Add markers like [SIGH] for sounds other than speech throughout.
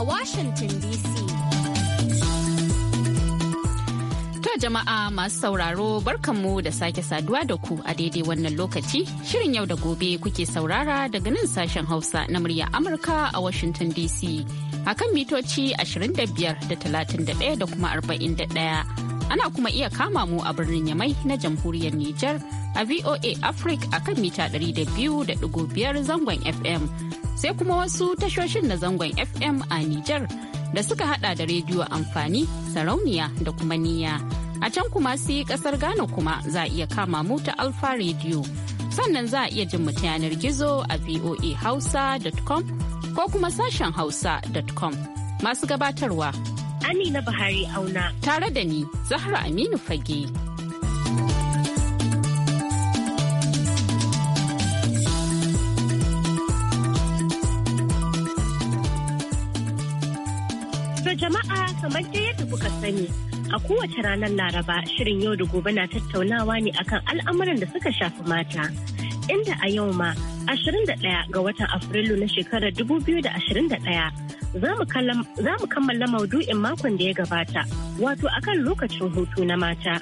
a Washington DC. To jama'a masu sauraro barkanmu da sake saduwa da ku a daidai wannan lokaci shirin yau da gobe kuke saurara daga nan sashen Hausa na murya Amurka a Washington DC. akan mitoci 25 da 31 da kuma 41. Ana kuma iya kama mu a birnin Yamai na jamhuriyar Nijar a VOA Africa a kan mita 200.5 zangon FM. Sai kuma wasu tashoshin na zangon FM a Nijar da suka hada da rediyo amfani, sarauniya da kuma niyya. A can kuma sai kasar Ghana kuma za a iya kama mu ta Alfa Radio. Sannan za a iya jin mu ta yanar gizo a voahausa.com ko kuma sashen hausa.com. Masu gabatarwa Amina Buhari auna. Tare da ni, Zahra Aminu Fage. sa jama'a kamar dai yadda kuka sani a kowace ranar Laraba shirin yau da gobe na tattaunawa ne akan al'amuran da suka shafi mata. Inda a yau ma 21 ga watan Afrilu na shekarar 2021 za mu kammala maudu'in makon da ya gabata wato akan lokacin hutu na mata.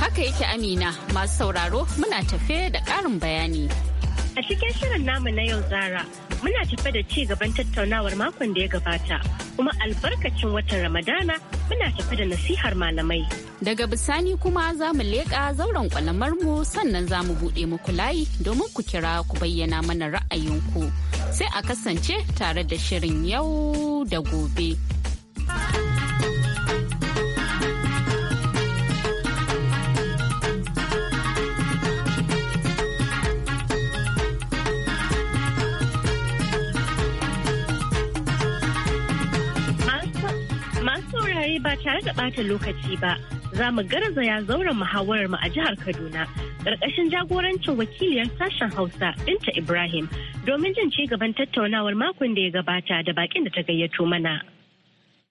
Haka yake Amina masu sauraro muna tafe da ƙarin bayani. A cikin shirin namu na yau zara muna tafe da ci gaban tattaunawar makon da ya gabata kuma albarkacin watan Ramadana muna tafi da nasihar malamai. Daga bisani kuma za mu leƙa zauren mu sannan za mu buɗe muku layi domin ku kira ku bayyana mana ra'ayinku. Sai a kasance tare da shirin yau da gobe. dai ba tare da ɓata lokaci ba za mu garza ya zauren muhawarar mu a jihar Kaduna ƙarƙashin jagorancin wakiliyar sashen Hausa Binta Ibrahim domin jin ci gaban tattaunawar makon da ya gabata da bakin da ta gayyato mana.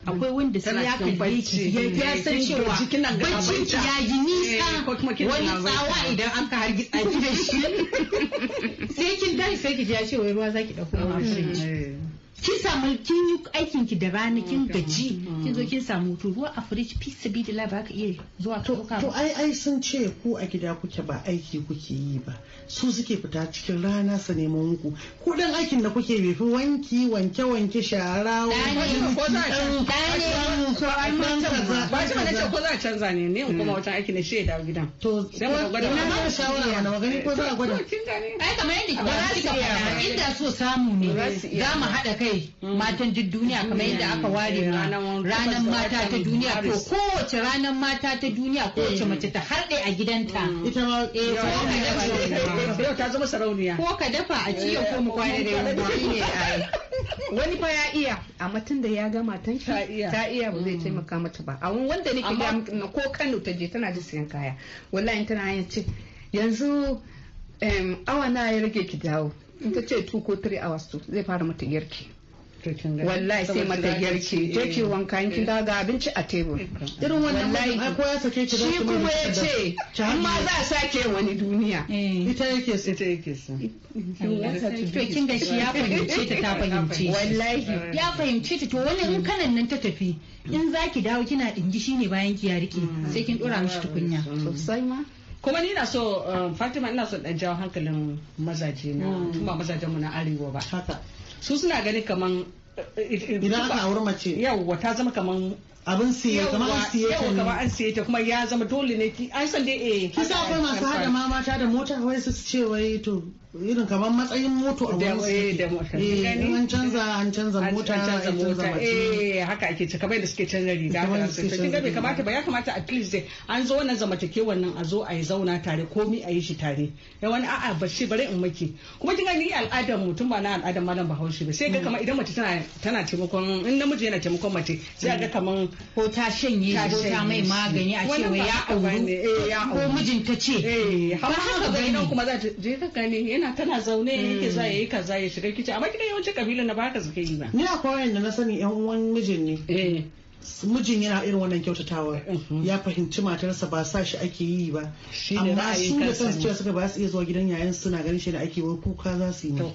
akwai wanda sai ya kalle ki ya san cewa baccin ki ya yi nisa eh, wani tsawa idan an ka hargi tsaki da shi [LAUGHS] sai kin dai sai ki ji ya ce wai ruwa zaki dauko kin samu kin yi aikin ki da rana kin mm, gaji mm, kin mm. zo kin samu to ruwa a fridge pizza bi da ba ka iya zuwa to to ai ai sun ce ku a gida kuke ba aiki kuke yi ba su suke fita cikin rana su nemo muku ku dan aikin da kuke bai fi wanki wanke wanke shara ce ko za a canza ne ne in kuma wata aiki na shi ya dawo gidan to sai mu gwada na shawara wani magani ko za a gwada ai kamar yadda ki kika faɗa inda so samu ne za mu haɗa day mm. matan duk duniya kamar yadda aka ware eh, ranar mata ta duniya ko kowace ranar mata ta duniya kowace mm. mace ta harɗe a gidanta mm. ita ma eh, yau ta zama sarauniya ko ka dafa a ciyo ko mu kwana da yau. [LAUGHS] wani fa ya iya amma tun da ya ga matan shi ta iya ba zai taimaka mata ba a wanda nake ga ko Kano ta je tana ji sayan kaya wallahi tana yin ce yanzu awa na ya rage ki dawo in ta ce 2 ko 3 hours to zai fara mata girki wallahi sai mata girki je ki eh, wanka in kin eh. daga abinci a tebur irin wannan wallahi ko ya sake ki shi kuma ya ce amma za a sake wani duniya eh. ita yake sai ta yake to kin ga shi ya fahimce ta ta fahimce wallahi ya fahimce ta to wannan in kanan nan ta tafi in zaki dawo kina dingi shine bayan ki ya rike mm. sai kin dora mishi tukunya sosai ma kuma ni na so um, fatima ina so dan jawo hankalin mazaje na hmm. ba mazajen mu na arewa ba su suna gani kaman uh, uh, idan aka aure mace yawa ta zama kaman abin siye kamar an siye ta ne kamar an siye ta kuma ya zama dole ne ki an san dai eh kisa akwai masu hada ma mata da mota wai su ce wai to irin kamar matsayin moto a wani da mota eh an canza an canza mota an canza mota eh haka ake ce kamar da suke canza riga ta su kin ga bai kamata ba ya kamata at least dai an zo wannan zamantakewan nan a zo a yi zauna tare komi a yi shi tare ya wani a'a ba shi bare in maki kuma kin ga ni al'adar mutum ba na al'adar malam Bahaushe ba sai ga kamar idan mace tana tana taimakon in namiji yana taimakon mace sai ga kamar ko ta shanye ko ta mai magani a cewa ya auru eh, ko mijinta ce eh, ba haka ba ne kuma za ta je ka gani yana tana zaune yake za mm. ya yi kaza ya shiga kici amma kina yawanci kabilan na ba haka suke yi ba ni akwai wanda na sani yan uwan mijin ne eh. mijin yana irin wannan kyautatawar mhm. ya fahimci matarsa ba sa shi ake yi ba amma su da kansu cewa suka ba su iya zuwa gidan yayan suna ganin shi da ake wai kuka za su yi don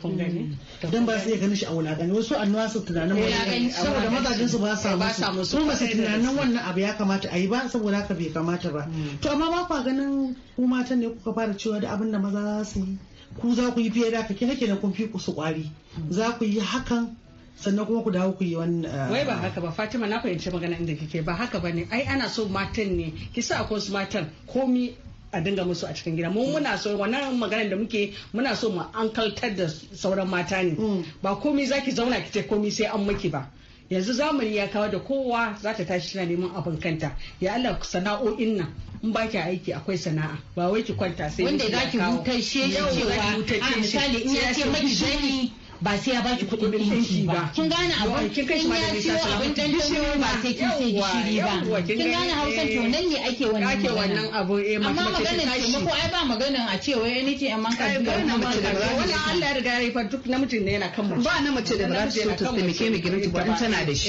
mhm. ba su iya ganin shi a wulaƙani wasu annuwa su tunanin eh, wani saboda mazajen su ba sa musu kuma ba su tunanin wannan abu ya kamata a yi ba saboda haka bai kamata ba mm. to amma ba kwa ganin ku matan ne kuka fara cewa da abin da maza za su yi ku za ku yi fiye da haka kina kenan kun fi ku su kwari mm. za ku yi hakan sannan kuma ku dawo ku yi wani eh, wai ba haka ba fatima na fahimci magana inda kike ba haka ba ne ai ana so matan ne kisa akwai su matan komi a dinga musu a cikin gida mun muna so wannan magana da muke muna so mu ankaltar da sauran mata ne mm. ba komi zaki zauna ki ce komai sai an maki ba yanzu zamani ya kawo da kowa za ta tashi tana neman abin kanta ya Allah sana'o'in nan in ba ki aiki akwai sana'a ba wai ki kwanta sai wanda za ki hutashe shi cewa a ah, misali in ya ce maki zani ba sai ya baki kuɗin ɗinki ba kin gane abin kin kai shi ya siyo abin dan dan ba sai kin sai gishiri ba kin gane hausa to nan ne ake wannan ake wannan abu eh amma maganar taimako ai ba maganar a ce wai ni ce amma ka duba na mace da Wannan Allah ya riga ya fa duk namijin ne yana kan mu. ba na mace da ba za ta taimake mu gidan ta ba in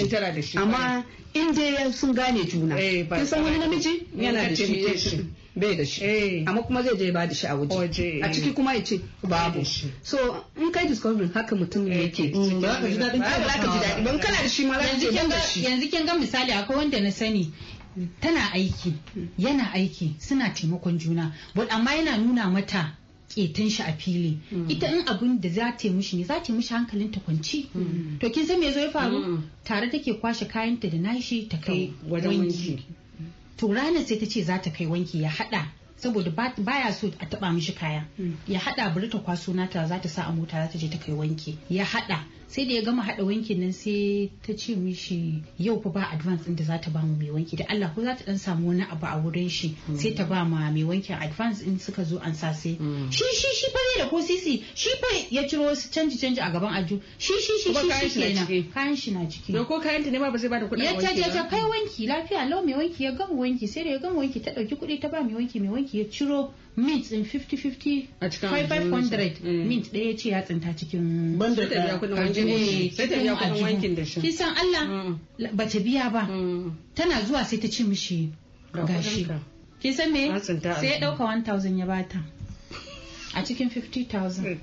tana da shi amma in dai sun gane juna eh, kin san wani namiji yana da shi bai da shi eh. amma kuma zai je ba da shi a waje a eh. ciki kuma ya ce babu so in kai discovery haka mutum ne yake ba ka ji daɗin ba ban kana da shi ma yanzu kin ga misali akwai wanda na sani tana aiki yana aiki suna taimakon juna but amma yana nuna mata ketan shi a fili mm. ita in abin da za ta yi mishi ne za ta yi mishi hankalin ta kwanci mm. to kin san me zo ya faru mm. tare take kwashe kayanta da nashi ta kai wanki to ranar sai ta ce za ta kai wanki ya hada saboda baya so a taba mishi kaya ya hada bari ta kwaso nata za ta sa a mota za ta je ta kai wanki ya hada sai da ya gama haɗa wankin nan sai ta ce mishi yau fa ba advance ɗin da za ta ba mu mai wanki da Allah ko za ta ɗan samu wani abu a wurin shi sai ta ba ma mai wankin advance ɗin suka zo an sa sai mm. shi shi shi fa da ko sisi shi fa ya ciro wasu canji canji a gaban aju shi shi shi shi shi kenan kayan shi na ciki ko kayan ta ne ma ba zai ba da kuɗin ya ta kai wanki lafiya lau mai wanki ya gama wanki sai da ya gama wanki ta ɗauki kuɗi ta ba mai wanki mai wanki ya ciro mint in 50-50 500 mint ɗaya ce ya tsinta cikin banda da kuɗin wanki je hoshi eh, kisan Allah mm. ba ta biya ba mm. tana zuwa sai ta ci mishi gashi kisan me sai ya dauka 1000 ya bata a cikin 50,000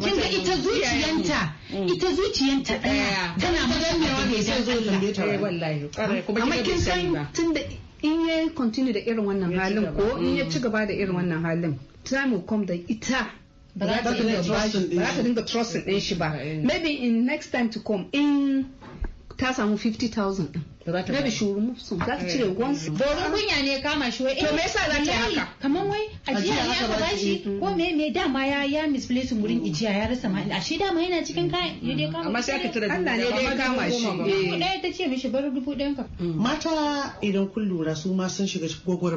kin ga ita zuciyanta mm. ita zuciyanta daya tana maganar wanda ya zo lambe eh, amma kin san tunda in ya continue da irin wannan halin ko in ya ci gaba da irin wannan halin time will come da ita trust ba za ta dinga trusting din shi ba maybe in next time to come in tasa samu 50,000 din maybe she will move some za ta cire once borin kunya ne kama shi wai to me yasa za ta haka kaman wai ajiya ya aka bashi ko me me dama ya ya misplace wurin ijiya ya rasa ma shi dama yana cikin kayan ya dai kama amma sai aka tare Allah ne dai kama shi eh dai ta ce mishi bar dubu ɗayan ka mata idan kun lura su ma sun shiga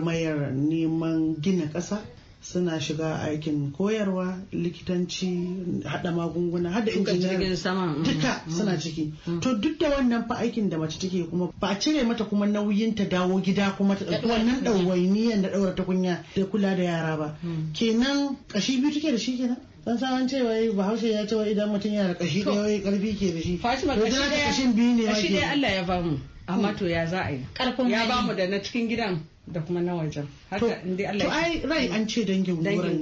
mayar neman gina ƙasa suna shiga aikin koyarwa likitanci hada magunguna hada injiniyar duka mm-hmm. suna mm-hmm. ciki mm-hmm. to duk da wannan fa aikin da mace take kuma ba a cire mata kuma nauyin ta dawo gida kuma ta dauki wannan ɗawainiyar da daura kunya da kula da yara ba mm. kenan kashi biyu take da shi kenan san san cewa bahaushe ya cewa idan mutum yana da kashi ɗaya wai karfi ke da shi fatima kashi biyu ne kashi ɗaya Allah ya bamu amma mm. to ya za a yi ya bamu da na cikin gidan da kuma na wajen haka inda Allah to ai rai an ce dangin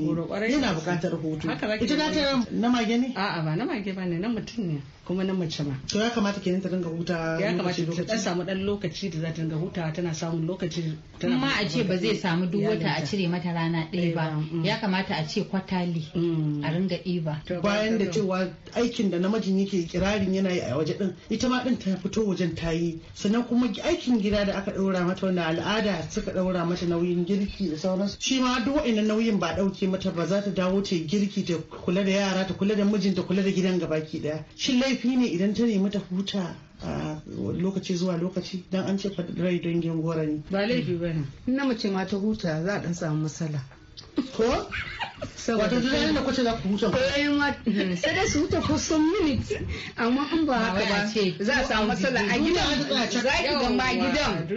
goro ne yana bukatar hoto ita da ta na mage ne a'a ba na mage ba ne na mutum ne kuma na mace ma to ya kamata kenan ta dinga hutawa ya kamata ta samu dan lokaci da za ta dinga hutawa tana samun lokaci tana ma a ce ba zai samu duk wata a cire mata rana ɗaya eh, ba mm. ya kamata a ce kwatali mm. a ringa ɗiba bayan da cewa aikin da namijin yake kirarin yana yi a waje din ita ma din ta fito wajen ta yi sannan kuma aikin gida da aka ɗora mata wanda al'ada suka ɗaura mata nauyin girki da sauransu shi ma duk wa'annan nauyin ba ɗauke mata ba za ta dawo ta girki ta kula da yara ta kula da mijinta kula da gidan gabaki ɗaya shi laifi ne idan ta nemi ta huta a lokaci zuwa lokaci don an ce rai dangin gora ne. Ba laifi ba ne. Na mace ma ta huta za a dan samu matsala. ko wato duk ranar da kwace za ku huta sai dai su huta ko some minutes amma an ba haka ba za a samu matsala a gidan za ki ga ma gidan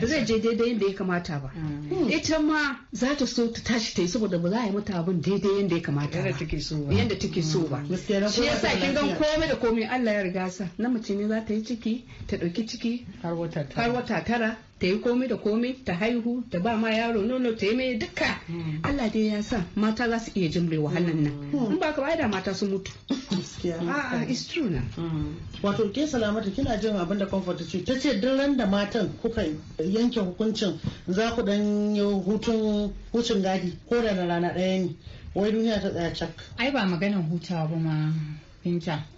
ba zai je daidai yadda ya kamata ba hmm. ita ma za ta so ta tashi ta yi saboda ba za a yi mata abin daidai yadda ya kamata ba yadda take so ba hmm. shi yasa kin gan komai da komai Allah ya riga sa na mace ne za ta yi ciki ta ɗauki ciki har wata tara ta yi komai da komai ta haihu ta ba ma yaro nono ta yi mai duka hmm. Allah dai ya sa mata za su iya jimre wahalan nan hmm. in ba ka ba da mata su mutu a'a ah, ah, is true na hmm. wato ke salamata kina jin abin da comfort ce ta ce duk ran da matan kuka yanke hukuncin za ku dan yi hutun wucin gadi ko da na rana ɗaya ne wai duniya ta tsaya cak ai ba maganan hutawa ba ma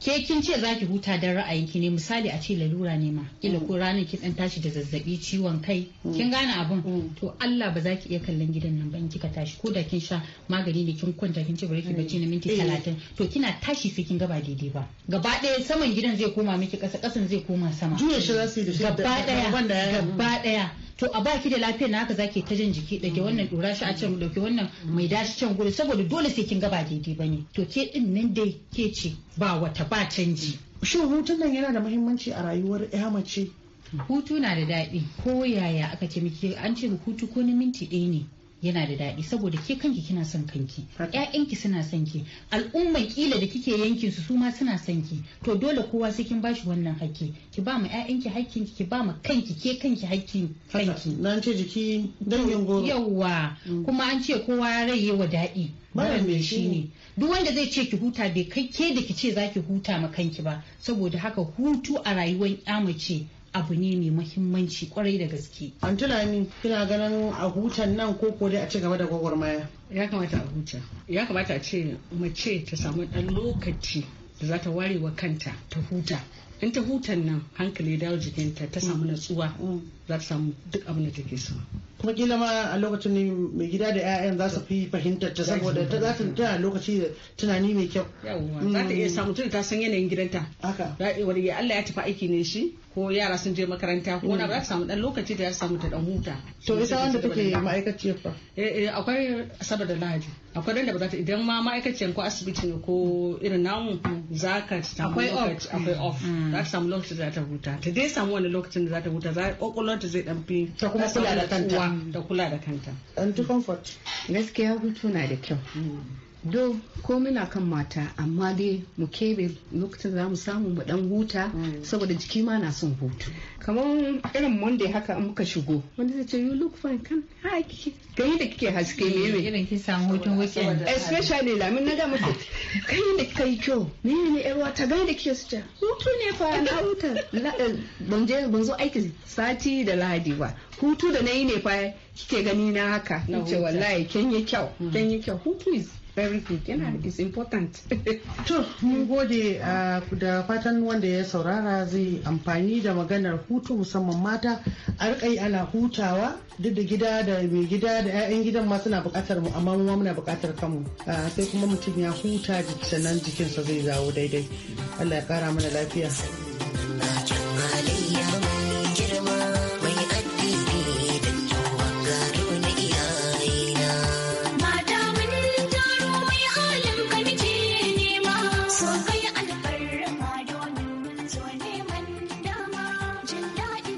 ke kin ce za ki huta don ki ne misali a ce lalura ne ma kila ko ranar ki dan tashi da zazzabi ciwon kai kin gane abun. Mm. Mm. to Allah ba za ki iya kallon gidan nan ba in kika tashi ko da kin sha magani ne kin kwanta kin ce bari ki bacci na minti mm. eh. talatin to kina tashi sai kin gaba daidai ba gaba ɗaya saman gidan zai koma miki ƙasa ƙasan zai koma sama jiya shi za su yi da shi gaba ɗaya gaba ɗaya to a baki da lafiya na haka zaki ta jan jiki dake mm. wannan dora shi a can dauke wannan mm. mai dashi can gudu saboda dole sai kin ga ba daidai bane to ke din nan dai ke ce ba wata ba canji shin hutun nan yana da muhimmanci a rayuwar ya mace hutu na da daɗi ko yaya aka ce miki an ce hutu ko na minti ɗaya ne yana da daɗi saboda ke kanki kina son kanki ƴaƴanki suna son ki al'ummar kila da kike yankin su suma suna son ki to dole kowa sai kin bashi wannan hakki ki ba mu ƴaƴanki hakkin ki ba mu kanki ke kanki hakkin kanki nan ce jiki dangin goro yawa mm. kuma an ce kowa rai wa daɗi mara me shi ne duk wanda zai ce ki huta bai kai ke da ki ce zaki huta ma kanki ba saboda haka hutu a rayuwar ƴa mace abu ne mai muhimmanci kwarai da gaske. An tunani kina ganin a hutan nan ko ko dai a ci gaba da gwagwarmaya. Ya kamata a huta. Ya kamata a ce mace ta samu ɗan lokaci da za ta ware wa kanta ta huta. In ta hutan nan hankali ya dawo jikinta ta samu mm. natsuwa mm. za ta samu duk abin da take so. kuma kila ma a lokacin ne mai gida da 'ya'yan za su fi fahimtar ta saboda ta za ta tana lokaci da tunani mai kyau. Yawwa za ta iya mm. samu tun ta san yanayin gidanta. Haka. Wani Allah ya tafi aiki ne shi ko yara sun je makaranta ko na ba samu dan lokaci da ya samu ta dan huta to ita wanda take ma'aikaciyar fa eh eh akwai saboda da lahadi akwai dan da ba za ta idan ma ma'aikaciyar ko asibiti ne ko irin namu za ka samu lokaci akwai off mm. za ka samu lokaci da za ta huta ta dai samu wani lokacin da za ta huta za kokolon ta zai dan fi ta kuma kula da kanta da kula da kanta dan to comfort gaskiya hutu na da kyau mm. do ko muna kan mata amma dai mu kebe lokacin za mu samu mu dan huta mm. saboda jiki ma na son hutu kamar irin monday haka muka shigo wanda zai ce you look fine kan ha kai da kike haske eh, ne ne irin ki samu hutun weekend especially lamin na ga muke kai da kai kyau ne ne yar wata gai da kike suja hutu ne fa na huta eh, ban je ban zo aiki sati da lahadi ba hutu da nayi ne fa kike gani na haka ce wallahi ken yi kyau hmm. ken yi kyau hutu is very big yana is important [LAUGHS] to mun gode da fatan wanda ya saurara zai amfani da maganar hutu musamman mata arkai ana hutawa duk da gida da mai gida da 'ya'yan gidan ma suna bukatar mu amma mu muna bukatar kanmu sai kuma mutum ya huta sannan jikinsa zai dawo daidai Allah ya kara mana lafiya.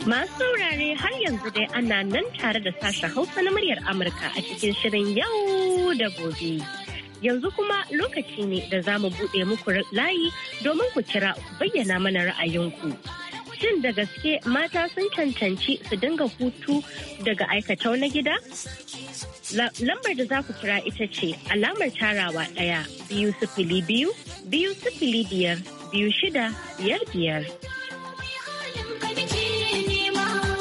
Masu saurare har yanzu dai ana nan tare da sashen Hausa na muryar Amurka a cikin shirin yau da gobe. Yanzu kuma lokaci ne da za mu buɗe muku layi domin ku kira bayyana mana ra'ayinku. Shin da gaske mata sun cancanci su dinga hutu daga aikatau na gida? Lambar da za ku kira ita ce alamar tarawa ɗaya biyu sifili biyu biyu sifili biyar biyu shida biyar biyar.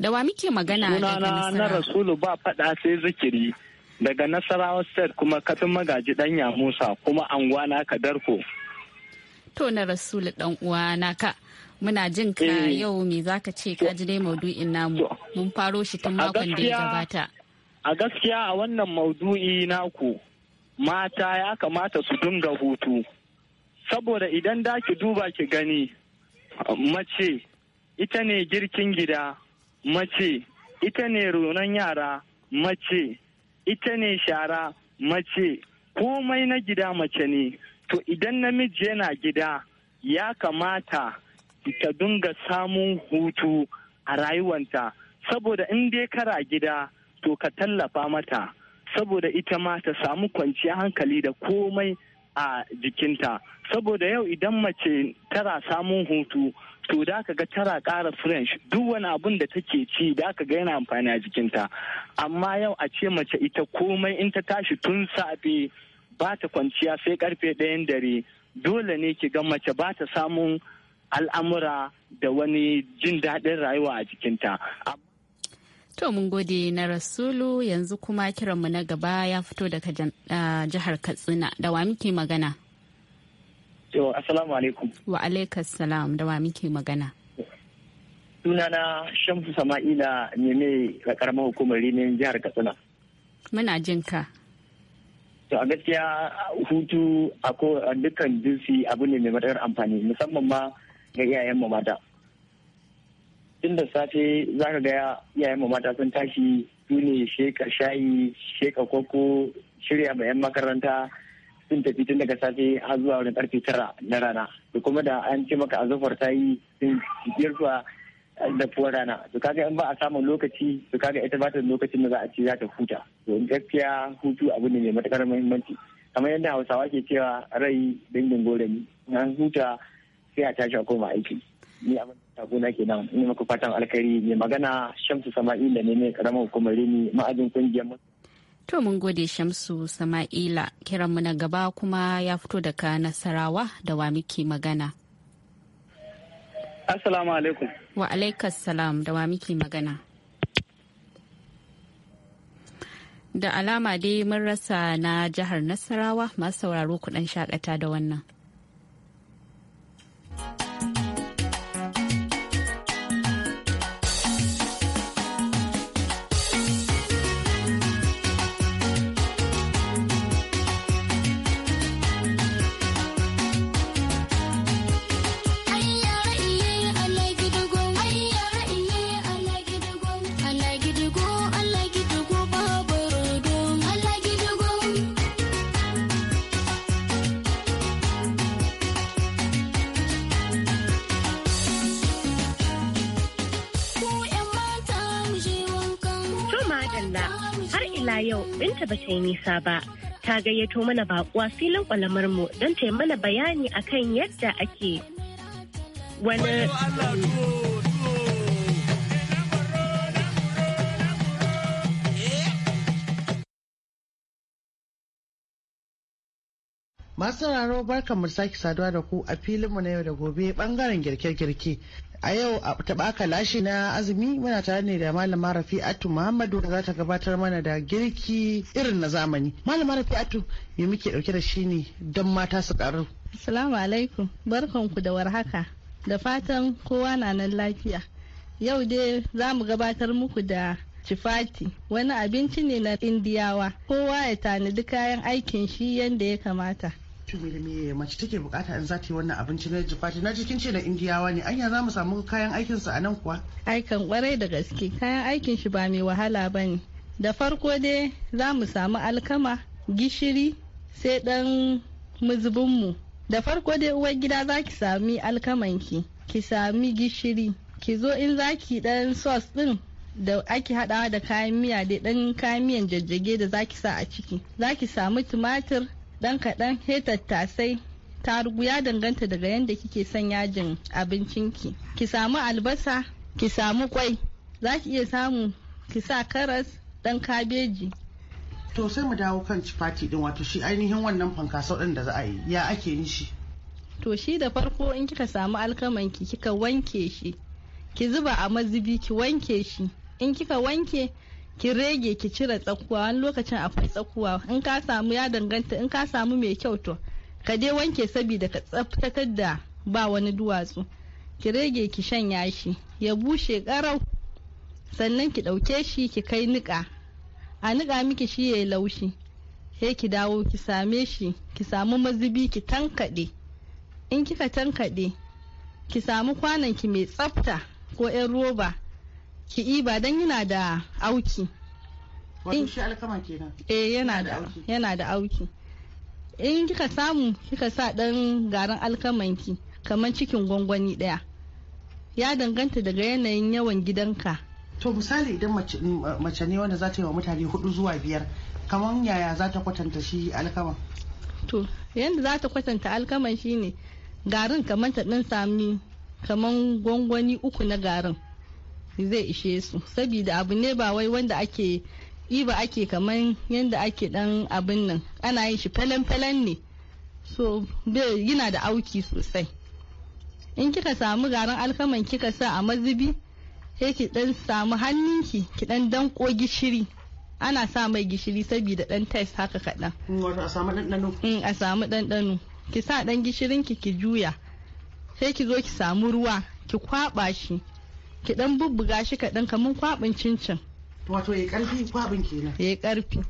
Da wa muke magana daga Nasarawa? na Rasulu ba faɗa sai zikiri. Daga Nasarawa State kuma kafin magaji ɗanya Musa kuma angwana darko To na Rasulu ɗan uwa naka. muna jin ka eh. yau me zaka ce ka ji dai maudu'in namu mun faro shi tun makon da ya gabata a gaskiya a wannan maudu'i naku mata ya kamata su dinga hutu saboda idan da ki duba ki gani mace ita ne girkin gida mace ita ne ronon yara mace ita ne shara mace komai na gida mace ne to idan namiji yana gida ya kamata ta dinga samun hutu a rayuwanta saboda in dai kara gida to ka tallafa mata saboda ita ma ta samu kwanciya hankali da komai a jikinta saboda yau idan mace tara samun hutu to da ka ga tara kara french duk wani abun da take ci da ka ga yana amfani a jikinta amma yau a ce mace ita komai in ta tashi tun safe ba ta kwanciya sai karfe ɗayan dare dole ne ki ga mace ba ta samun al'amura da wani jin daɗin rayuwa a jikinta. To mun gode na Rasulu yanzu kuma kiranmu na gaba ya fito daga ah, jihar Katsina da wa muke magana? Yau, Assalamu alaikum. Wa alaikas salam da wa muke magana. Sunana Shamsu Sama'ila ne ne da karamar hukumar Rinin jihar Katsina. Muna jin ka. To a gaskiya hutu a dukkan jinsi abu ne mai matakar amfani musamman ma ga iyayen mu mata. Tun da safe za ka ga iyayen mu mata sun tashi su ne sheka shayi, sheka koko, shirya bayan makaranta, sun tafi tun daga safe har zuwa wani karfe tara na rana da kuma da an ce maka azufar ta yi sun biyar zuwa da fuwa rana to kaga in ba a samun lokaci to kaga ita ba ta lokacin da za a ce za ta huta to gaskiya hutu abu ne mai matakar muhimmanci kamar yadda hausawa ke cewa rai dangin gore ni an huta sai a tashi a koma aiki ni abin ke nan ni maka fatan alkhairi mai magana shamsu da ne mai karamar hukumar rimi ma'ajin kungiyar To mun gode Shamsu Sama'ila kiranmu na gaba kuma ya fito daga Nasarawa da wa muke magana. Assalamu alaikum. Wa alaikas salam da wa muke magana. Da alama dai mun rasa na jihar Nasarawa masu sauraro kudan shakata da wannan. yau binta ba ta yi nisa ba. Ta gayyato mana bakuwa filin kwalamar mu don ta yi mana bayani akan yadda ake wani Masu sauraro barkan mu sake saduwa da ku a filinmu na yau da gobe bangaren girke-girke. A yau a taɓaka lashi na azumi muna tare ne da malama Rafi'atu Muhammadu da za ta gabatar mana da girki irin na zamani. Malama Rafi'atu me muke ɗauke da shi ne don mata su ƙaru. Assalamu alaikum barkanku da warhaka da fatan kowa na nan lafiya. Yau dai za mu gabatar muku da chifati wani abinci ne na indiyawa kowa ya tanadi kayan aikin shi yadda ya kamata. to da me mace take bukata in za ta yi wannan abinci na jifati na cikin ce da indiyawa ne anya za mu samu kayan aikin su a nan kuwa aikan kwarai da gaske kayan aikin shi ba mai wahala bane da farko dai za mu samu alkama gishiri sai dan muzubin mu da farko dai uwar gida za ki sami alkamanki ki sami gishiri ki zo in za ki dan sauce din da ake haɗawa da kayan miya dai ɗan kayan miyan jajjage da zaki sa a ciki zaki samu tumatir dan kaɗan he tattasai tarugu ya danganta daga yadda kike son yajin abincinki ki samu albasa ki samu kwai za ki iya samu ki sa karas dan kabeji to sai mu dawo kan cifati din wato shi ainihin wannan fankasau din da za a yi ya ake yin shi to shi da farko in kika samu alkamanki kika wanke shi ki zuba a mazubi ki wanke shi in kika wanke ki rege ki cire tsakuwa wani lokacin akwai tsakuwa in ka samu ya danganta in ka samu mai kyau to ka je wanke sabida ka tsaftatar da ba wani duwatsu ki rege ki shanya shi ya bushe karau sannan ki ɗauke shi ki kai niƙa a niƙa miki shi ya yi laushi sai ki dawo ki same shi ki samu mazubi ki tankaɗe in kika tankaɗe ki samu kwanan ki mai tsafta ko 'yan roba ki iba don yana da auki wato shi alkama kenan eh yana da yana da auki in kika samu kika sa dan garin ki kamar cikin gwangwani daya ya danganta daga yanayin yawan gidanka to misali idan mace ne wanda za ta yi wa mutane hudu zuwa biyar kamar yaya za ta kwatanta shi alkama to yadda za ta kwatanta alkaman shine garin kamar ta dan sami kamar gwangwani uku na garin zai ishe su sabida abu ne ba wai wanda ake yi ba ake kamar yadda ake dan abin nan ana yin shi falen-falen ne so yana da auki sosai in kika samu garin alkaman kika sa a mazubi sai ki dan samu hannunki ki dan danko gishiri ana sa mai gishiri saboda dan test haka kaɗan. Mm, a samu ɗanɗano ki sa ɗan gishirin ki ki juya sai ki zo ki samu ruwa ki kwaɓa shi ki dan bubbuga shi kaɗan kamar kwaɓin cincin wato ya karfi kwaɓin kenan ya karfi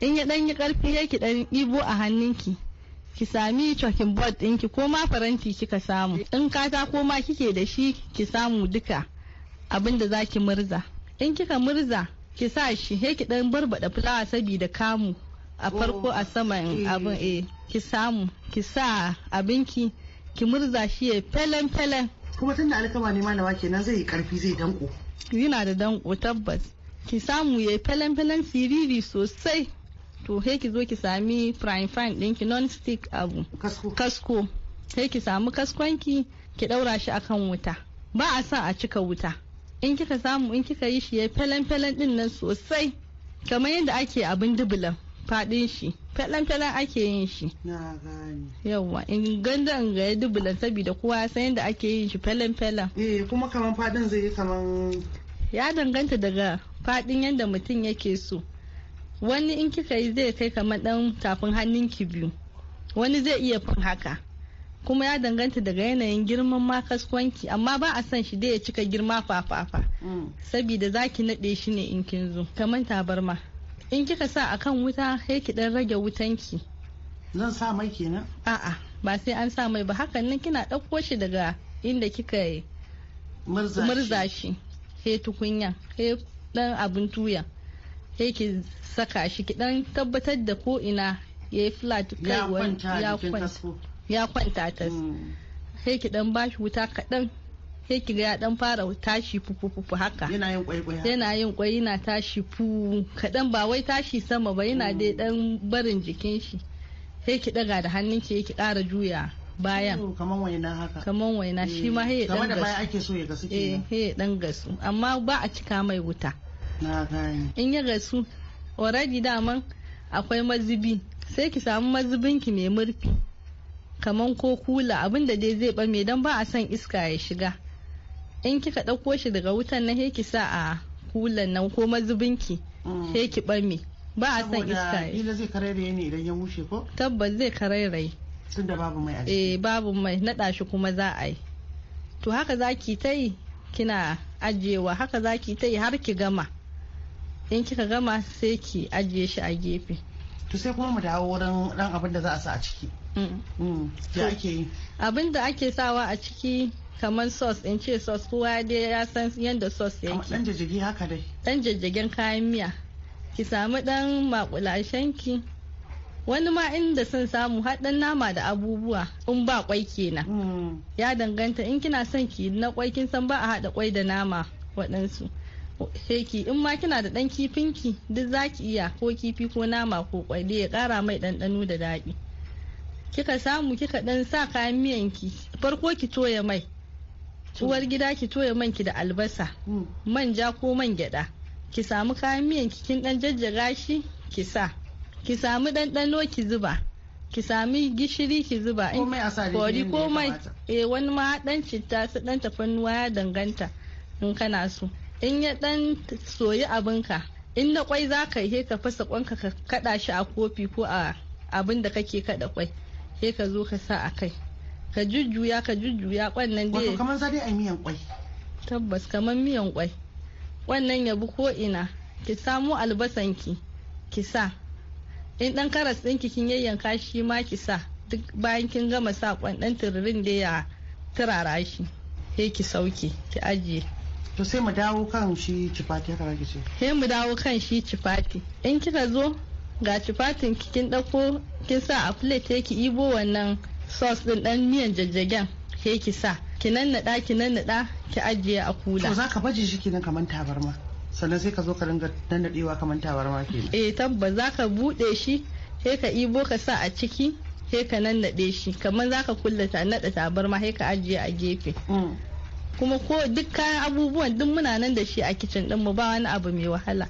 in ya dan yi karfi ya ki dan ibo a hannunki ki sami chalking board ɗinki ko ma faranti kika samu in katako ma kike da shi ki samu duka abin da murza in kika murza ki sa shi he ki dan barbada fulawa saboda kamu a farko a saman oh, abin eh ki samu ki sa abinki ki murza shi ya felen felen kuma tunda alkama ne malama kenan zai yi karfi zai danko yana da danko tabbas ki samu yayi falan falan siriri sosai to sai ki zo ki sami prime fine ɗinki non stick abu kasko sai ki samu kaskonki ki ɗaura shi akan wuta ba a sa a cika wuta in kika samu in kika yi shi yayi falen falen din nan sosai kamar yadda ake abin dubulan faɗin shi fyalan-fyalan ake yin shi yawa in gandan ga ya dubulan saboda kowa san yadda ake yin shi fyalan eh kuma kaman fadin zai yi kaman ya danganta daga fadin yadda mutum yake so wani in kika yi zai kai kaman dan tafin ki biyu wani zai iya fin haka kuma ya danganta daga yanayin girman ma amma ba a son shi dai ya cika girma fafafa mm. saboda zaki naɗe shi ne in kin zo kamar tabarma in kika sa a kan wuta sai ki dan rage wutanki zan sa mai kenan a'a ba sai an sa mai ba hakan nan kina ɗauko shi daga inda kika murza shi sai tukunya sai dan abin tuya sai ki saka shi ki dan tabbatar da ko ina ya yi flat kaiwa ya kwanta tas mm. sai ki dan bashi wuta kaɗan sai ki ga ya dan fara tashi fufu haka yana yin kwai yana yin kwai yana tashi fu kadan ba wai tashi sama ba yana dai dan barin jikin shi sai ki daga da hannun ki ki kara juya bayan kaman waina haka kaman waina shi ma sai ya dan gasu da baya ake so ya gasu eh, kenan eh ya dan gasu amma ba a cika mai wuta na gani in ya gasu already daman akwai mazubi sai ki samu mazubin ki mai murfi kaman ko kula abinda dai zai bame dan ba a son iska ya shiga in kika ɗauko shi daga wutan na ki sa a hulan nan ko mazubinki sai mm. ki ɓame ba a san iska ya zai karairaye ne idan ya bushe ko tabbas zai karairaye tunda babu mai a eh babu mai naɗa shi kuma za a yi to haka za ki ta yi kina ajiyewa haka za ki ta yi har ki gama in kika gama sai ki ajiye shi a gefe to sai kuma mu dawo wurin dan abin da za a sa a ciki mm. Mm. abin da ake sawa a ciki kamar sos in ce sauce kowa dai ya san yadda sauce yake dan dan jajjagen kayan miya ki samu dan makulashen ki wani ma inda son samu haɗin nama da abubuwa in ba kwai kenan mm. ya danganta in kina son ki na kwai kin san ba a haɗa kwai da nama waɗansu heki in ma kina da ɗan kifinki duk za ki iya ko kifi ko nama ko kwai ya ƙara mai ɗanɗano da daɗi kika samu kika ɗan sa kayan miyanki farko ki toya mai tuwar gida ki toya manki da albasa mm. manja ko man gyada ki samu kayan miyan kin jajjaga shi ki sa ki samu ɗanɗano ki zuba ki sami gishiri ki zuba in kori komai eh wani ma dan citta su dan tafannuwa ya danganta in kana so in ya ɗan soyi abinka in na kwai za ka yi ka fasa kwanka ka kaɗa shi a kofi ko a abin da kake kaɗa kwai sai ka zo ka sa a kai ka jujjuya ka jujjuya kwannan dai wato kaman za dai a miyan kwai tabbas kaman miyan kwai wannan ya bi ko ina ki samo albasan ki ki sa in dan karas ki kin yayyanka shi ma ki sa duk bayan kin gama sa ɗan tururin da ya turara shi sai ki sauke ki ajiye to sai mu dawo kan shi cifati haka kake ce sai mu dawo kan shi cifati in kika zo ga cifatin kin dauko kin sa a plate ki ibo wannan sauce din dan miyan jajjagen ke ki sa ki nannada ki nannada ki ajiye a kula to zaka baje shi kenan kamar tabarma sannan sai ka zo ka dinga nannadewa kamar tabarma kenan eh tabba zaka bude shi sai ka ibo ka sa a ciki sai ka nannade shi kaman zaka kullata naɗa tabarma sai ka ajiye a gefe mm. kuma ko duk kayan abubuwan duk muna nan da shi a kicin din mu ba wani abu mai wahala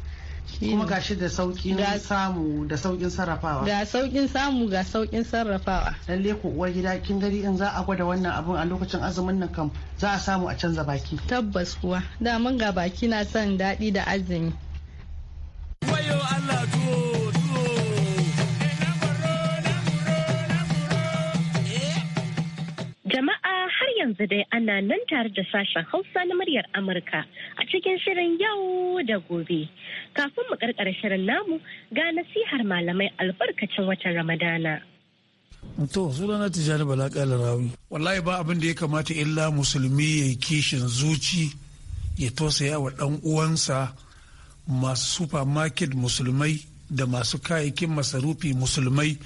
kuma gashi da saukin samu da saukin sarrafawa ga saukin samu ga saukin sarrafawa lalle ku uwar gida kin gari in za a gwada wannan abun a lokacin azumin nan kam za a samu a canza baki tabbas kuwa da mun ga baki na son daɗi da azumi yanzu dai ana nan tare da sashen Hausa na muryar Amurka a cikin shirin yau da gobe. Kafin mu karkara shirin namu ga nasihar malamai albarkacin watan Ramadana. To, sunana Tijjani Bala Kalarawi. Wallahi ba abin da ya kamata illa musulmi ya yi kishin zuci ya tosaya wa ɗan uwansa masu supermarket musulmai da masu kayayyakin masarufi musulmai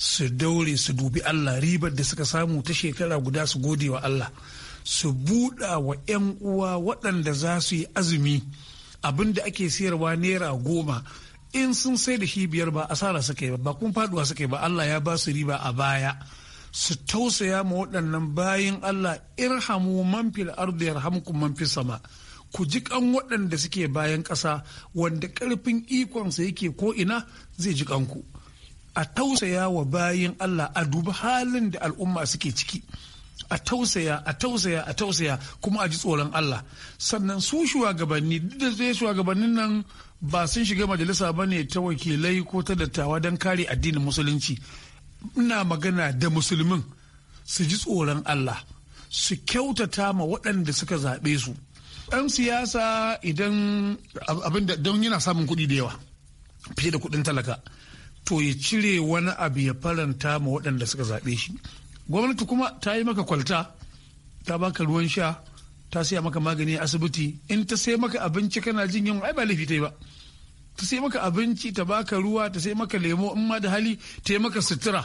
su daure su dubi Allah ribar da suka samu ta shekara guda su gode wa Allah su buɗa wa 'yan uwa waɗanda za su yi azumi abin da ake siyarwa naira goma in sun sai da shi biyar ba asara suka yi ba kuma faduwa suka yi ba Allah ya ba su riba a baya su tausaya ma waɗannan bayin Allah irhamu man fil ardi yarhamkum man fis sama ku ji kan waɗanda suke bayan ƙasa wanda ƙarfin ikonsa yake ko ina zai ji kanku a tausaya wa bayin Allah a dubi halin da al'umma suke ciki a tausaya a tausaya a tausaya kuma a ji tsoron Allah sannan su shugabanni duk da zai shugabannin nan ba sun shiga majalisa ba ne ta wakilai ko ta dattawa don kare addinin musulunci ina magana da musulmin su ji tsoron Allah su kyautata ma waɗanda suka zaɓe su ɗan siyasa idan abin da don yana samun kuɗi da yawa fiye da kuɗin talaka to ya cire wani abu ya faranta ma waɗanda suka zaɓe shi gwamnati kuma ta yi maka kwalta ta baka ruwan sha ta siya maka magani asibiti in ta sai maka abinci kana jin yunwa ai ba laifi ta yi ba ta sai maka abinci ta baka ruwa ta sai maka lemo in ma da hali ta yi maka sutura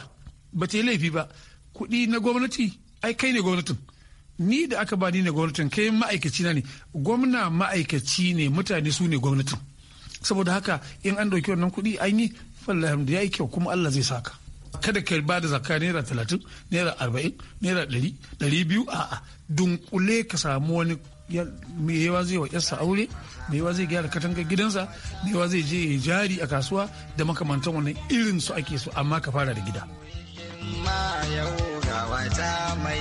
ba ta yi laifi ba kuɗi na gwamnati ai kai ne gwamnatin ni da aka ba ni ne gwamnatin kai ma'aikaci na ne gwamna ma'aikaci ne mutane su ne gwamnatin saboda haka in an ɗauki wannan kuɗi an yi wallahi ya yi kyau kuma Allah zai saka kada ka ba da zakka naira talatin naira arba'in naira ɗari ɗari biyu a dunkule ka samu wani me yawa zai wa yarsa aure mai yawa zai gyara katanga gidansa mai yawa zai je jari a kasuwa da makamantan wannan irin su ake so amma ka fara da gida. Ma yau ga wata mai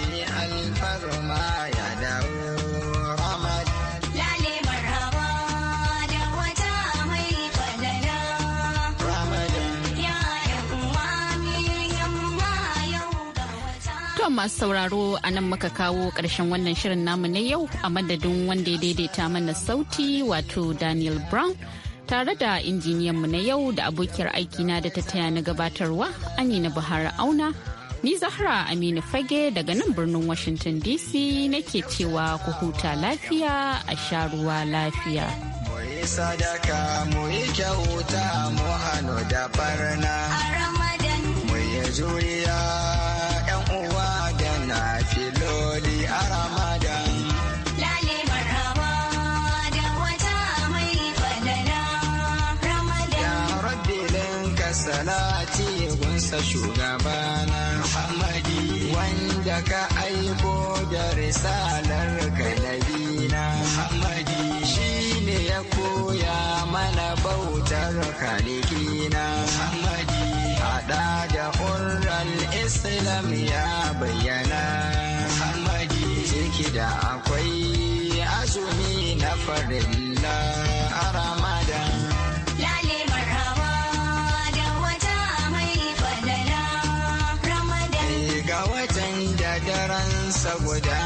masu sauraro a nan muka kawo ƙarshen wannan shirin namu na yau a madadin wanda ya daidaita mana sauti wato Daniel Brown tare da injiniyan mu na yau da abokiyar aikina da ta taya na gabatarwa Amina Buhari Auna. Ni Zahra Aminu Fage daga nan birnin Washington DC nake cewa ku huta lafiya a sha ruwa lafiya. sadaka mu yi kyauta mu hannu da barna isa shugabana Muhammadi wanda ka aiko da risalar ka na. Muhammadi shi ne ya koya mana bautar kalikina Muhammadi hada da hurral Islam ya bayyana Muhammadi ciki da akwai azumi na farin guda